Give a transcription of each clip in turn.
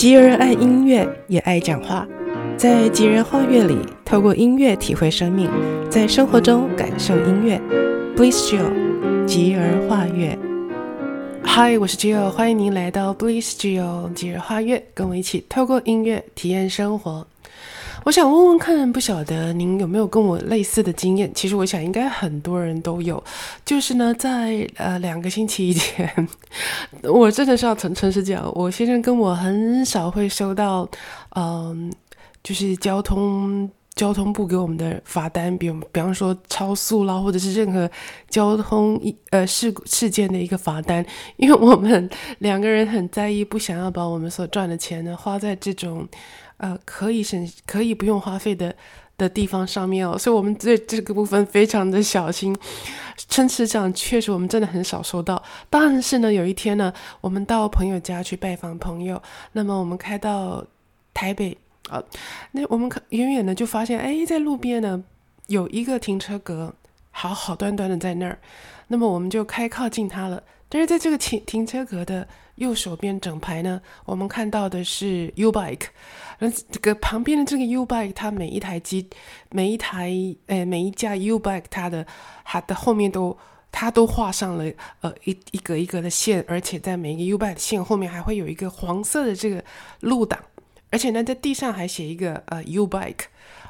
吉爾愛音樂，也愛講話。在吉爾畫月裡，透過音樂體會生命，在生活中感受音樂。Bless Jill，吉爾畫月。嗨，Hi, 我是吉爾，歡迎您來到 Bless Jill 吉爾畫月，跟我一起透過音樂體驗生活。我想問問看，不曉得您有沒有跟我類似的經驗？其實我想應該很多人都有，就是呢，在呃兩個星期以前，我真的是要誠誠實講，我先生跟我很少會收到，嗯、呃，就是交通交通部給我們的罰單，比比方說超速啦，或者是任何交通一呃事事件的一個罰單，因為我們兩個人很在意，不想要把我們所賺的錢呢花在這種。呃，可以省，可以不用花費的的地方上面哦，所以我們對這個部分非常的小心。事實上確實我們真的很少收到，但是呢，有一天呢，我們到朋友家去拜訪朋友，那麼我們開到台北啊，那我們看遠遠的就發現，哎，在路邊呢有一個停車格，好好端端的在那兒，那麼我們就開靠近它了，但是在這個停停車格的。右手邊整排呢，我們看到的是 U bike，而這個旁邊的這個 U bike，它每一台機，每一台誒、呃，每一架 U bike，它的它的後面都，它都畫上了呃一一格一格的線，而且在每一個 U bike 的線後面還會有一個黃色的這個路擋，而且呢，在地上還寫一個呃 U bike，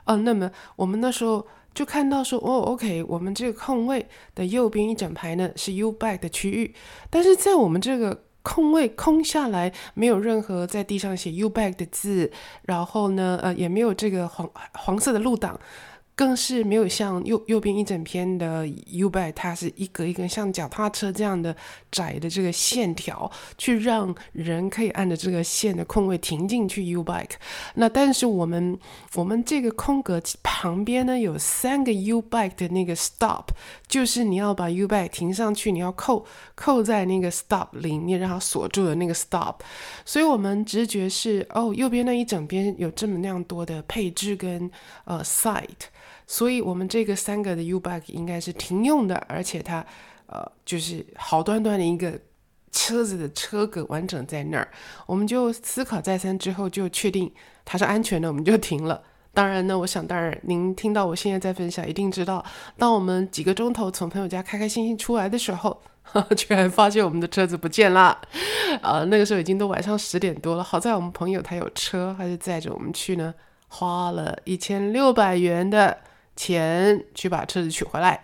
哦、呃，那麼我們那時候就看到說哦，OK，我們這個空位的右邊一整排呢是 U bike 的區域，但是在我們這個。空位空下來，沒有任何在地上寫 “you back” 的字，然後呢，呃，也沒有這個黃黃色的路擋。更是沒有像右右邊一整片的 U bike，它是一格一格像腳踏車這樣的窄的這個線條，去讓人可以按着這個線的空位停進去 U bike。那但是我們我們這個空格旁邊呢，有三個 U bike 的那個 stop，就是你要把 U bike 停上去，你要扣扣在那個 stop 裡面，然後鎖住的那個 stop。所以我們直覺是，哦，右邊那一整邊有這麼那樣多的配置跟呃 site。Side，所以，我們這個三個的 U-Bug 應該是停用的，而且它，呃，就是好端端的一個車子的車格完整在那兒。我們就思考再三之後，就確定它是安全的，我們就停了。當然呢，我想，當然您聽到我現在在分享，一定知道，當我們幾個鐘頭從朋友家開開心心出來的時候，呵呵居然發現我們的車子不見了。啊、呃，那個時候已經都晚上十點多了。好在我們朋友他有車，他就載着我們去呢，花了一千六百元的錢去把車子取回來。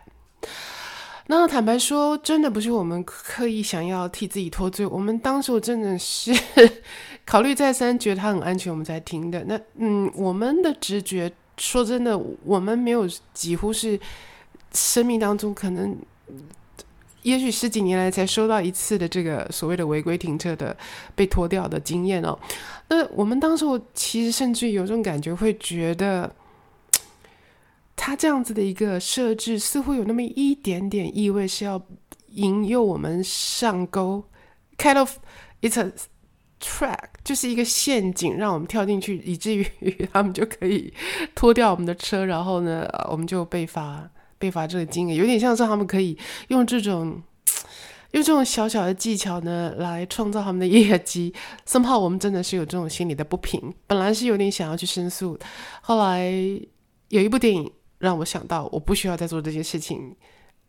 那坦白說，真的不是我們刻意想要替自己脫罪，我們當時真的是 考慮再三，覺得它很安全，我們才停的。那嗯，我們的直覺，說真的，我們沒有，幾乎是生命當中可能，也許十幾年來才收到一次的這個所謂的違規停車的被拖掉的經驗哦。那我們當時我其實甚至有這種感覺，會覺得。它這樣子的一個設置，似乎有那麼一點點意味是要引誘我們上鈎，kind of it's a trap 就是一個陷阱，讓我們跳進去，以至於他們就可以拖掉我們的車，然後呢，我們就被罰被罰這個金額，有點像是他們可以用這種用這種小小的技巧呢來創造他們的業績，生怕我們真的是有這種心理的不平。本來是有點想要去申訴，後來有一部電影。讓我想到，我不需要再做這些事情。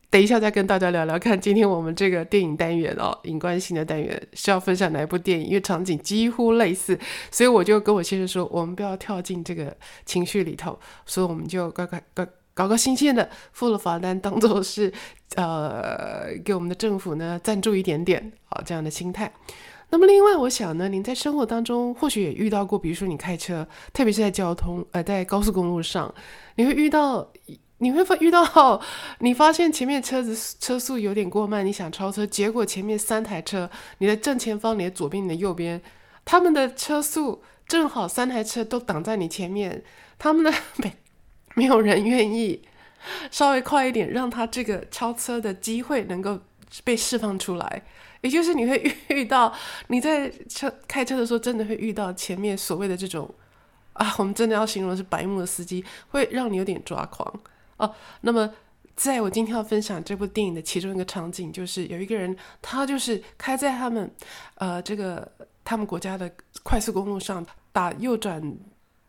等一下再跟大家聊聊看，今天我們這個電影單元哦，影觀心的單元是要分享哪一部電影，因為場景幾乎類似，所以我就跟我先生說，我們不要跳進這個情緒裡頭，所以我們就快快高，高高高高興興的，付了罰單當做是呃給我們的政府呢贊助一點點，好、哦、這樣的心態。那麼，另外，我想呢，您在生活當中或許也遇到過，比如說你開車，特別是在交通，呃，在高速公路上，你會遇到，你會發，遇到，你發現前面車子車速有點過慢，你想超車，結果前面三台車，你的正前方、你的左邊、你的右邊，他們的車速正好三台車都擋在你前面，他們呢，沒沒有人願意稍微快一點，讓他這個超車的機會能夠被釋放出來。也就是你會遇到，你在車開車的時候，真的會遇到前面所謂的這種，啊，我們真的要形容的是白目的司機，會讓你有點抓狂哦。那麼，在我今天要分享這部電影的其中一個場景，就是有一個人，他就是開在他們，呃，這個他們國家的快速公路上，打右轉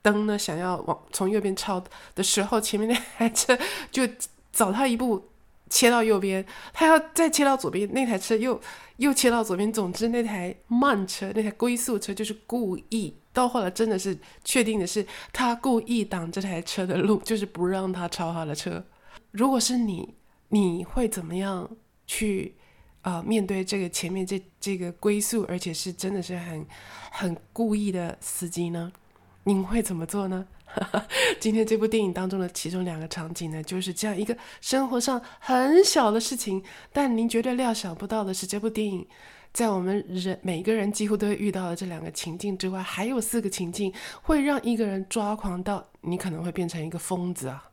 燈呢，想要往從右邊超的時候，前面那台車就早他一步。切到右邊，他要再切到左邊，那台車又又切到左邊。總之，那台慢車、那台龜速車就是故意。到後來，真的是確定的是，他故意擋這台車的路，就是不讓他超他的車。如果是你，你會怎麼樣去啊、呃、面對這個前面這這個龜速，而且是真的是很很故意的司機呢？你會怎麼做呢？ 今天這部電影當中的其中兩個場景呢，就是這樣一個生活上很小的事情，但您絕對料想不到的是，這部電影在我們人每個人幾乎都會遇到的這兩個情境之外，還有四個情境會讓一個人抓狂到，你可能會變成一個瘋子啊。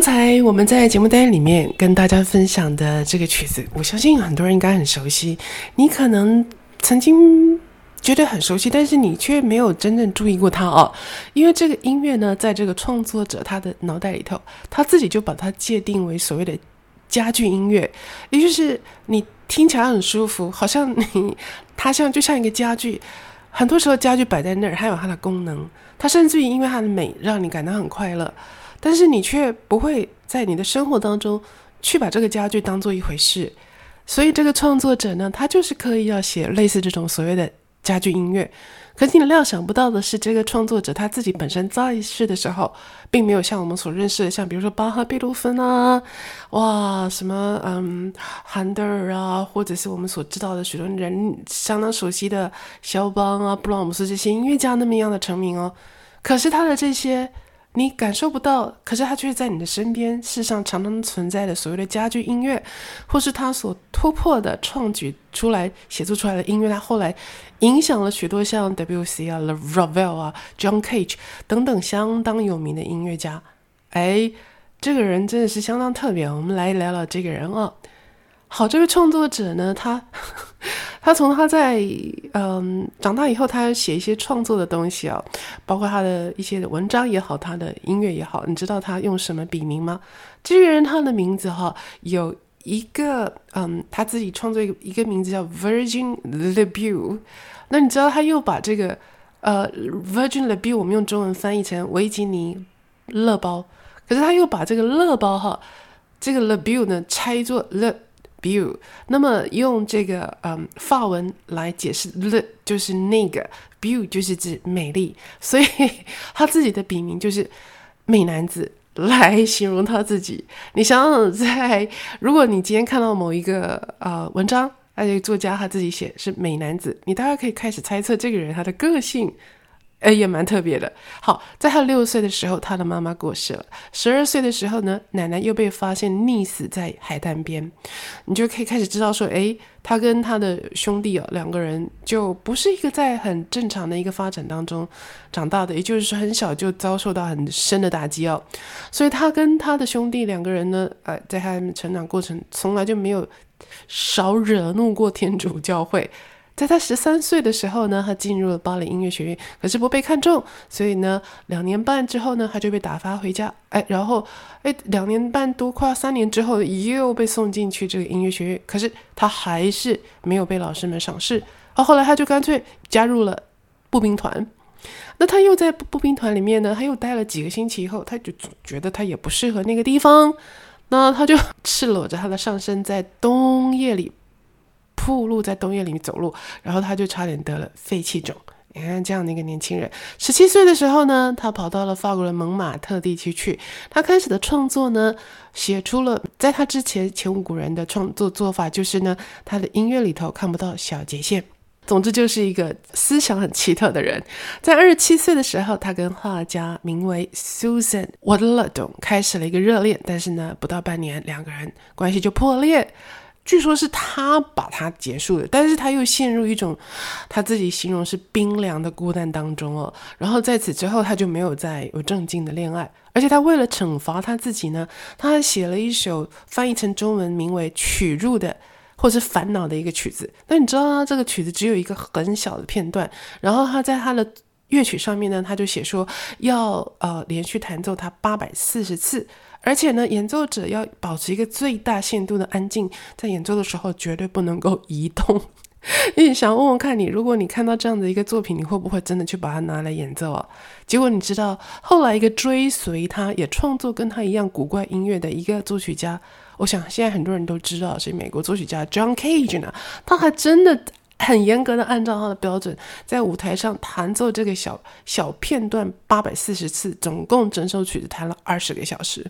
剛才我們在節目單裡面跟大家分享的這個曲子，我相信很多人應該很熟悉。你可能曾經覺得很熟悉，但是你卻沒有真正注意過它哦。因為這個音樂呢，在這個創作者他的腦袋裡頭，他自己就把它界定為所謂的家具音樂，也就是你聽起來很舒服，好像你它像就像一個家具。很多時候，家具擺在那兒，它有它的功能，它甚至於因為它的美，讓你感到很快樂。但是你卻不會在你的生活當中去把這個家具當做一回事，所以這個創作者呢，他就是刻意要寫類似這種所謂的家具音樂。可是你料想不到的是，這個創作者他自己本身在世的時候，並沒有像我們所認識的，像比如說巴赫、貝多芬啊，哇，什麼嗯，韓德爾啊，或者是我們所知道的許多人相當熟悉的肖邦啊、布拉姆斯這些音樂家那麼一樣的成名哦。可是他的這些。你感受不到，可是他卻在你的身邊，世上常常存在的所謂的家具音樂，或是他所突破的創舉出來、寫作出來的音樂，他後來影響了許多像 W.C. 啊、La、Ravel 啊、John Cage 等等相當有名的音樂家。哎，這個人真的是相當特別，我們來聊聊這個人啊。好，這位創作者呢？他他從他在嗯長大以後，他要寫一些創作的東西啊、哦，包括他的一些文章也好，他的音樂也好。你知道他用什麼筆名嗎？這個人他的名字哈、哦、有一個嗯，他自己創作一個,一個名字叫 Virgin Lebeau 那你知道他又把這個呃 Virgin Lebeau 我們用中文翻譯成維吉尼勒包，可是他又把這個勒包哈，這個 Lebeau 呢拆作樂。v i 那麼用這個嗯法文，來解釋 l 就是那個 v i 就是指美麗，所以他自己的筆名就是美男子，來形容他自己。你想想在、在如果你今天看到某一個呃文章，那這個作家他自己寫是美男子，你大概可以開始猜測這個人他的個性。哎，也蠻特別的。好，在他六歲的時候，他的媽媽過世了；十二歲的時候呢，奶奶又被發現溺死在海灘邊。你就可以開始知道說，哎，他跟他的兄弟哦，兩個人就不是一個在很正常的一個發展當中長大的，也就是說，很小就遭受到很深的打擊哦。所以，他跟他的兄弟兩個人呢，呃，在他，他們成長過程從來就沒有少惹怒過天主教會。在他十三歲的時候呢，他進入了巴黎音樂學院，可是不被看中，所以呢，兩年半之後呢，他就被打發回家。哎，然後，哎，兩年半多，快要三年之後，又被送進去這個音樂學院，可是他還是沒有被老師們賞識。然、啊、後後來他就乾脆加入了步兵團。那他又在步兵團裡面呢，他又待了幾個星期以後，他就覺得他也不適合那個地方。那他就赤裸着他的上身，在冬夜裡。步路在冬夜裡面走路，然後他就差點得了肺氣腫。你看這樣的一個年輕人，十七歲的時候呢，他跑到了法國的蒙馬特地區去。他開始的創作呢，寫出了在他之前前無古人的創作做法，就是呢，他的音樂裡頭看不到小節線。總之就是一個思想很奇特的人。在二十七歲的時候，他跟畫家名為 Suzanne Valadon 開始了一個熱戀，但是呢，不到半年，兩個人關係就破裂。據說是他把它結束的，但是他又陷入一種他自己形容是冰涼的孤單當中哦。然後在此之後，他就沒有再有正經的戀愛。而且他為了懲罰他自己呢，他還寫了一首翻譯成中文名為《取入的》或者煩惱的一個曲子。但你知道、啊，他這個曲子只有一個很小的片段。然後他在他的樂曲上面呢，他就寫說要呃連續彈奏它八百四十次。而且呢，演奏者要保持一個最大限度的安靜，在演奏的時候絕對不能夠移動。因 為想問問看你，如果你看到這樣的一個作品，你會不會真的去把它拿來演奏啊？結果你知道，後來一個追隨他也創作跟他一樣古怪音樂的一個作曲家，我想現在很多人都知道，是美國作曲家 John Cage 呢。他還真的很嚴格的按照他的標準，在舞台上彈奏這個小小片段八百四十次，總共整首曲子彈了二十個小時。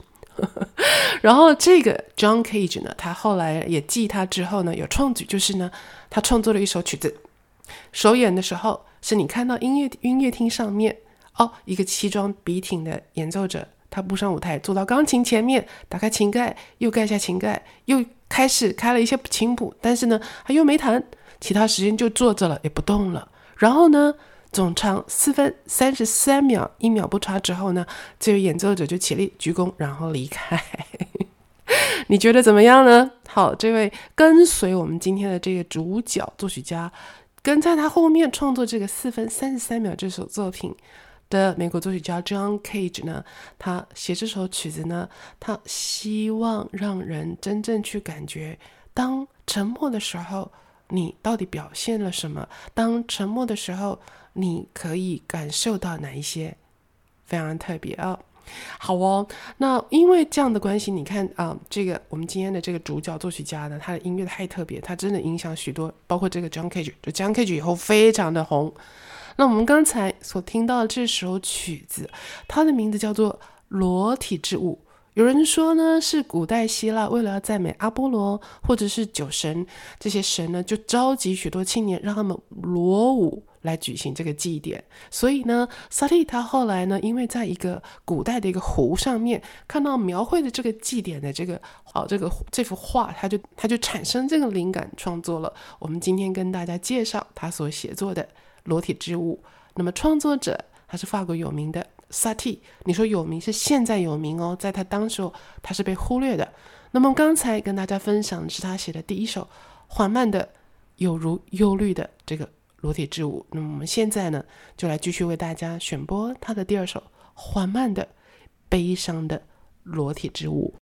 然後這個 John Cage 呢，他後來也繼他之後呢，有創舉就是呢，他創作了一首曲子，首演的時候是你看到音樂音樂廳上面哦，一個西裝筆挺的演奏者，他步上舞台，坐到鋼琴前面，打開琴蓋，又蓋下琴蓋，又開始開了一些琴譜，但是呢，他又沒彈，其他時間就坐着了，也不動了，然後呢。總長四分三十三秒，一秒不差之後呢，這位演奏者就起立鞠躬，然後離開。 你覺得怎麼樣呢？好，這位跟隨我們今天的這個主角作曲家，跟在他後面創作這個四分三十三秒這首作品的美國作曲家 John Cage 呢，他寫這首曲子呢，他希望讓人真正去感覺，當沉默的時候，你到底表現了什麼？當沉默的時候。你可以感受到哪一些非常特別哦？好哦，那因為這樣的關係，你看啊、呃，這個我們今天的這個主角作曲家呢，他的音樂太特別，他真的影響許多，包括這個 John Cage，就 John Cage 以後非常的紅。那我們剛才所聽到的這首曲子，它的名字叫做《裸體之舞》。有人說呢，是古代希臘為了要讚美阿波羅或者是酒神這些神呢，就召集許多青年讓他們裸舞。來舉行這個祭典，所以呢，薩蒂他後來呢，因為在一個古代的一個湖上面看到描繪的這個祭典的這個，好、哦、這個這幅畫，他就他就產生這個靈感，創作了，我們今天跟大家介紹他所寫作的《裸體之舞》，那麼創作者他是法國有名的薩蒂，你說有名是現在有名哦，在他當時他是被忽略的。那麼剛才跟大家分享的是他寫的第一首緩慢的，有如憂慮的這個。裸體之舞。那麼我們現在呢，就來繼續為大家選播他的第二首，緩慢的、悲傷的《裸體之舞》。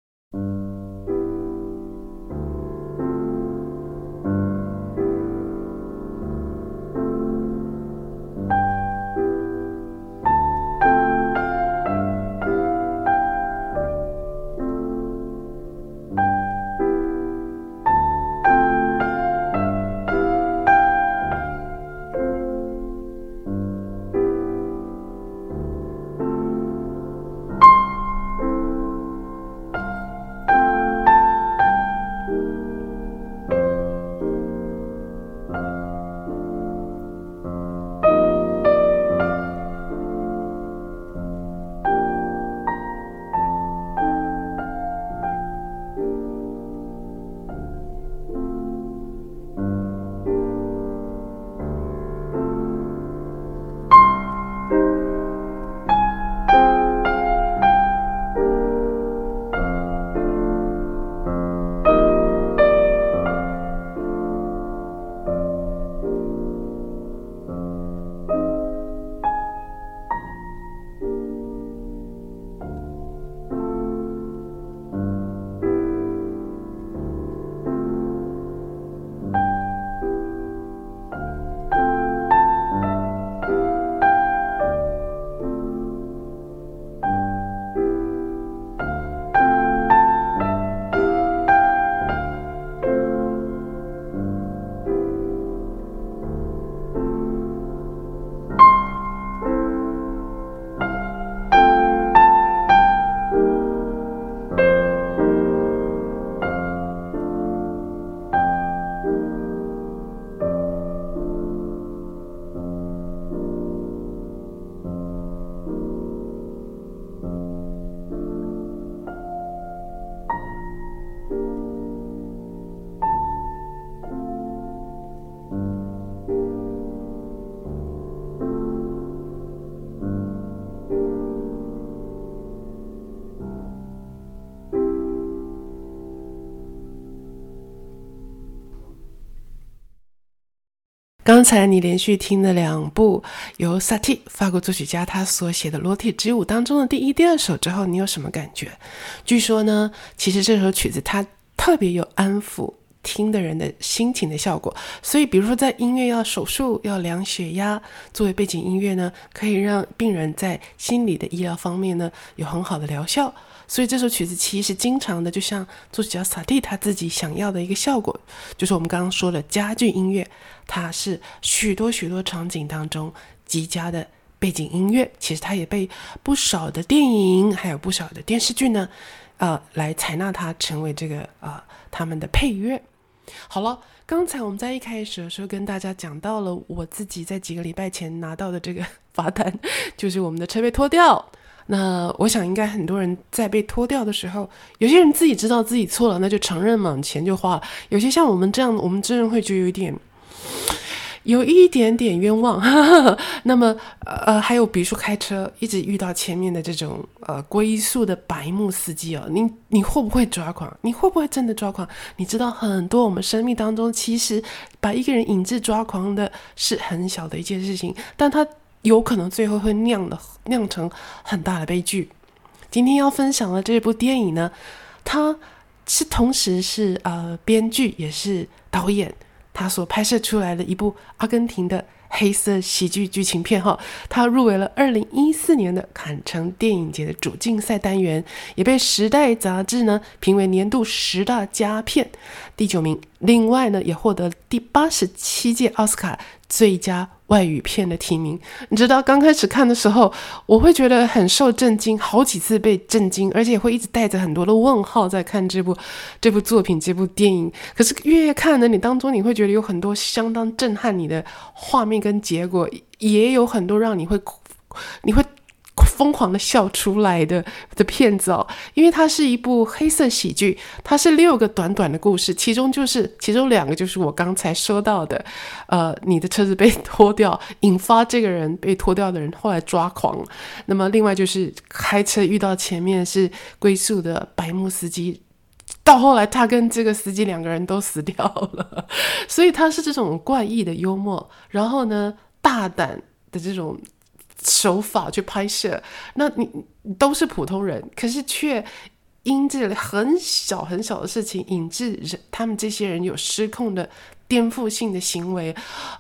剛才你連續聽了兩部由薩提法國作曲家他所寫的《裸體之舞》當中的第一、第二首之後，你有什麼感覺？據說呢，其實這首曲子它特別有安撫聽的人的心情的效果，所以比如說在音樂要手術、要量血壓作為背景音樂呢，可以讓病人在心理的醫療方面呢有很好的療效。所以這首曲子其實經常的，就像作曲家薩蒂他自己想要的一個效果，就是我們剛剛說的家具音樂，它是許多許多場景當中極佳的背景音樂。其實它也被不少的電影還有不少的電視劇呢，啊，來採納它成為這個啊、呃、他們的配樂。好了，剛才我們在一開始的時候跟大家講到了我自己在幾個禮拜前拿到的這個罰單，就是我們的車被拖掉。那我想應該很多人在被拖吊的時候，有些人自己知道自己錯了，那就承認嘛，錢就花了。有些像我們這樣，我們真的會覺得有一點，有一點點冤枉。 那麼，呃，還有比如說開車，一直遇到前面的這種呃龜速的白目司機哦，你你會不會抓狂？你會不會真的抓狂？你知道很多我們生命當中，其實把一個人引致抓狂的是很小的一件事情，但他。有可能最後會釀的釀成很大的悲劇。今天要分享的這部電影呢，他是同時是呃編劇也是導演，他所拍攝出來的一部阿根廷的黑色喜劇劇情片哈。他入圍了二零一四年的坎城電影節的主競賽單元，也被《時代》雜誌呢評為年度十大佳片第九名。另外呢，也獲得第八十七屆奧斯卡最佳外語片的提名。你知道剛開始看的時候，我會覺得很受震驚，好幾次被震驚，而且會一直帶着很多的問號在看這部這部作品、這部電影。可是越看呢，你當中你會覺得有很多相當震撼你的畫面跟結果，也有很多讓你會哭你會。瘋狂的笑出來的的片子哦，因為它是一部黑色喜劇，它是六個短短的故事，其中就是其中兩個就是我剛才說到的，呃，你的車子被拖掉，引發這個人被拖掉的人後來抓狂那麼另外就是開車遇到前面是龜速的白目司機，到後來他跟這個司機兩個人都死掉了，所以他是這種怪異的幽默，然後呢，大膽的這種。手法去拍攝，那你，你都是普通人，可是卻因這很小很小的事情引致，人他們這些人有失控的顛覆性的行為，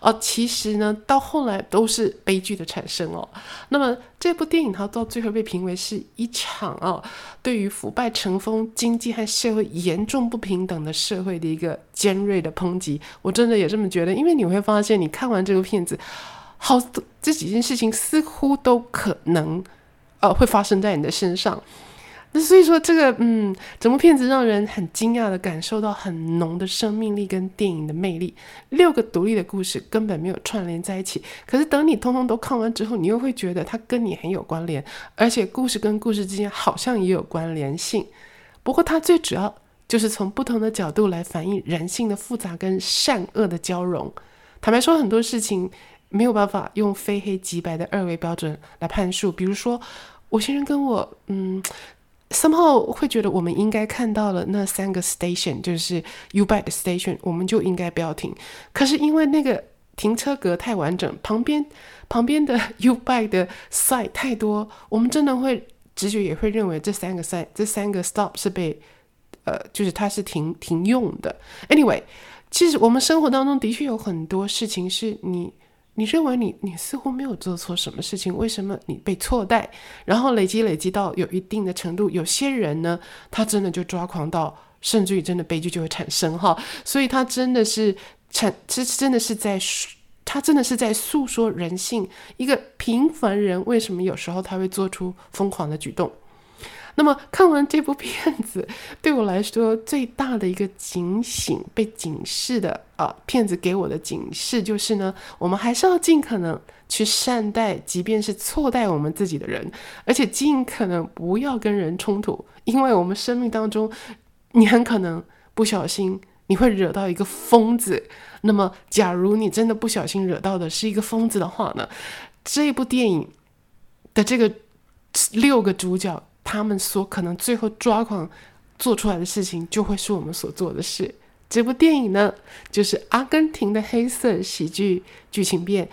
哦、呃，其實呢，到後來都是悲劇的產生哦。那麼這部電影它到最後被評為是一場哦，對於腐敗成風、經濟和社會嚴重不平等的社會的一個尖銳的抨擊。我真的也這麼覺得，因為你會發現，你看完這個片子。好，這幾件事情似乎都可能，呃，會發生在你的身上。那所以說，這個嗯，整部片子讓人很驚訝地感受到很濃的生命力跟電影的魅力。六個獨立的故事根本沒有串聯在一起，可是等你通通都看完之後，你又會覺得它跟你很有關聯，而且故事跟故事之間好像也有關聯性。不過，它最主要就是從不同的角度來反映人性的複雜跟善惡的交融。坦白說，很多事情。沒有辦法用非黑即白的二維標準來判數。比如說，我先生跟我，嗯，somehow 會覺得我們應該看到了那三個 station，就是 U-Bike 的 station，我們就應該不要停。可是因為那個停車格太完整，旁邊旁邊的 U-Bike 的 side 太多，我們真的會直覺也會認為這三個 side，這三個 stop 是被呃，就是它是停停用的。Anyway，其實我們生活當中的確有很多事情是你。你認為你你似乎沒有做錯什麼事情，為什麼你被錯待？然後累積累積到有一定的程度，有些人呢，他真的就抓狂到，甚至於真的悲劇就會產生哈。所以他真的是產，這真的是在，他真的是在訴說人性，一個平凡人為什麼有時候他會做出瘋狂的舉動？那麼看完這部片子，對我來說最大的一個警醒、被警示的啊，片子給我的警示就是呢，我們還是要盡可能去善待，即便是錯待我們自己的人，而且盡可能不要跟人衝突，因為我們生命當中，你很可能不小心你會惹到一個瘋子。那麼，假如你真的不小心惹到的是一個瘋子的話呢？這部電影的這個六個主角。他們所可能最後抓狂，做出來的事情就會是我們所做的事。這部電影呢，就是阿根廷的黑色喜劇劇情片，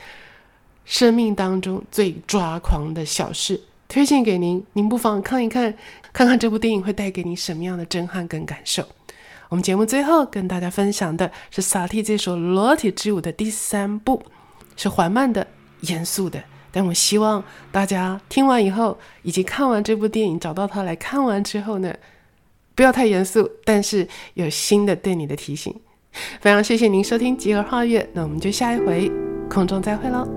生命當中最抓狂的小事，推薦給您，您不妨看一看，看看這部電影會帶給你什麼樣的震撼跟感受。我們節目最後跟大家分享的是薩蒂這首《裸體之舞》的第三部，是緩慢的、嚴肅的。但我希望大家聽完以後，以及看完這部電影，找到他來看完之後呢，不要太嚴肅，但是有新的對你的提醒，非常謝謝您收聽《集合化月》，那我們就下一回空中再會嘍。